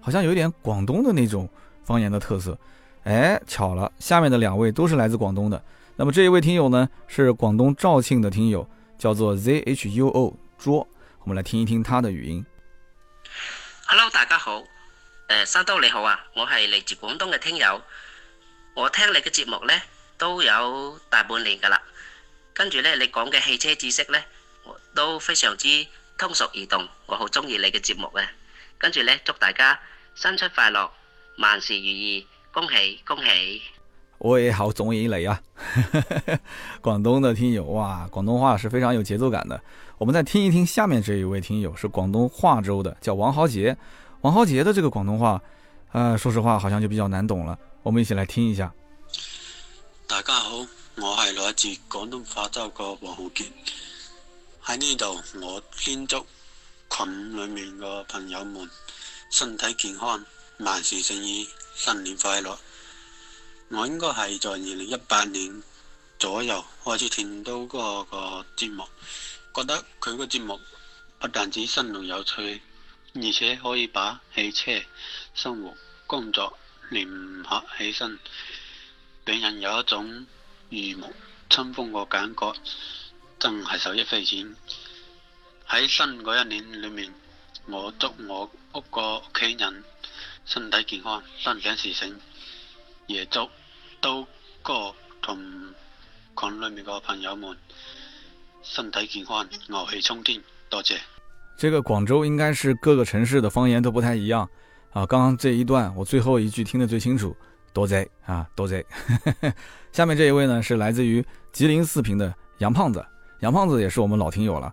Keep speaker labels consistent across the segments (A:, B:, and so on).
A: 好像有一點廣東的那種方言的特色，哎，巧了，下面的兩位都是來自廣東的。那麼這一位聽友呢，是廣東肇慶的聽友，叫做 Z H U O 卓。我們來聽一聽他的語音。
B: Hello，大家好，誒、呃，三刀你好啊，我係嚟自廣東嘅聽友，我聽你嘅節目呢，都有大半年噶啦，跟住呢，你講嘅汽車知識呢，我都非常之通俗易懂，我好中意你嘅節目嘅。跟住咧，祝大家新春快樂，萬事如意，恭喜恭喜！
A: 我也好中意嚟啊， 廣東的聽友哇，廣東話是非常有節奏感的。我們再聽一聽下面這一位聽友是廣東化州的，叫王浩杰。王浩杰的這個廣東話，啊、呃，說實話好像就比較難懂了。我們一起來聽一下。
C: 大家好，我係來自廣東化州嘅王浩杰，喺呢度我先祝，群裏面個朋友們身體健康，萬事勝意，新年快樂！我應該係在二零一八年左右開始聽到嗰個節目，覺得佢個節目不但止生動有趣，而且可以把汽車、生活、工作聯合起身，俾人有一種如沐春風個感覺，真係受益匪淺。喺新嗰一年裏面，我祝我屋個屋企人身體健康，心想事成。也祝刀哥同群裏面嘅朋友們身體健康，牛氣沖天。多謝。
A: 這個廣州應該是各個城市的方言都不太一樣。啊！剛剛這一段，我最後一句聽得最清楚，多謝啊，多謝。 下面這一位呢，是來自於吉林四平的楊胖子，楊胖子也是我們老聽友了。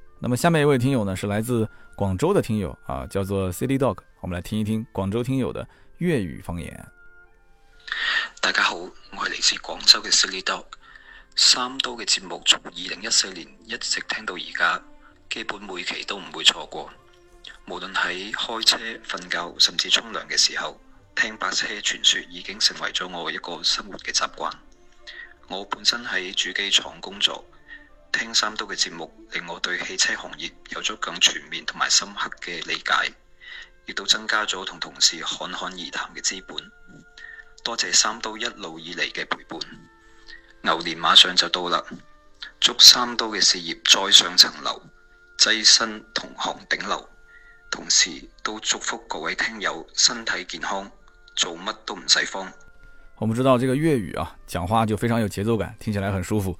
A: 那麼下面一位聽友呢，是來自廣州的聽友啊，叫做 City Dog，我們來聽一聽廣州聽友的粵語方言
B: 啊。大家好，我係來自廣州嘅 City Dog。三刀嘅節目從二零一四年一直聽到而家，基本每期都唔會錯過。無論喺開車、瞓覺，甚至沖涼嘅時候，聽百車全說已經成為咗我一個生活嘅習慣。我本身喺主機廠工作。聽三刀嘅節目，令我對汽車行業有咗更全面同埋深刻嘅理解，亦都增加咗同同事侃侃而談嘅資本。多謝三刀一路以嚟嘅陪伴。牛年馬上就到啦，祝三刀嘅事業再上層樓，躋身同行頂流。同時都祝福各位聽友身體健康，做乜都唔使慌。
A: 我們知道這個粵語啊，講話就非常有節奏感，聽起來很舒服。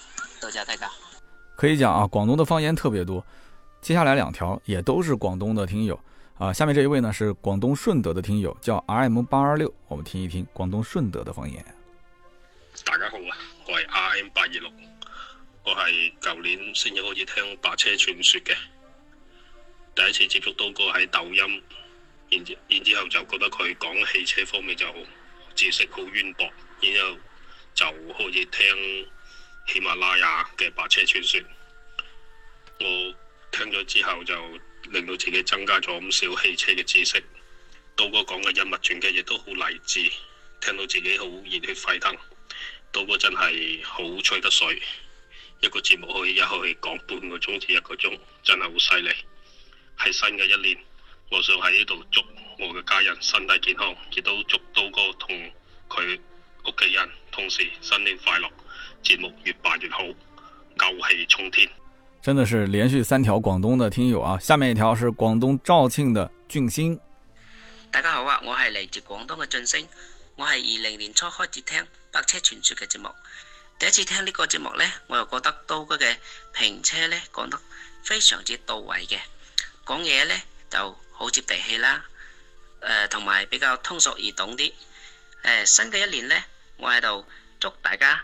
B: 多謝大家
A: 可以講啊，廣東的方言特別多。接下來兩條也都是廣東的聽友啊。下面這一位呢，是廣東順德的聽友，叫 R M 八二六。我們聽一聽廣東順德的方言。
D: 大家好啊，我
E: 係 R M 八二六，我係舊年先至開始聽《百車全說》嘅，第一次接觸到個喺抖音，然之然之後就覺得佢講汽車方面就知識好淵博，然後就開始聽。喜馬拉雅嘅百車全說，我聽咗之後就令到自己增加咗唔少汽車嘅知識。刀哥講嘅《人物傳記》亦都好勵志，聽到自己好熱血沸騰。刀哥真係好吹得水，一個節目可以一口氣講半個鐘至一個鐘，真係好犀利。喺新嘅一年，我想喺呢度祝我嘅家人身體健康，亦都祝刀哥同佢屋企人同時新年快樂。節目越辦越好，牛氣沖天，
A: 真的是連續三條廣東的聽友啊。下面一條是廣東肇慶的俊星。
B: 大家好啊，我係嚟自廣東嘅俊星，我係二零年初開始聽《百車全說》嘅節目，第一次聽呢個節目呢，我又覺得刀哥嘅評車呢講得非常之到位嘅，講嘢呢就好接地氣啦，同、呃、埋比較通俗易懂啲、呃。新嘅一年呢，我喺度祝大家。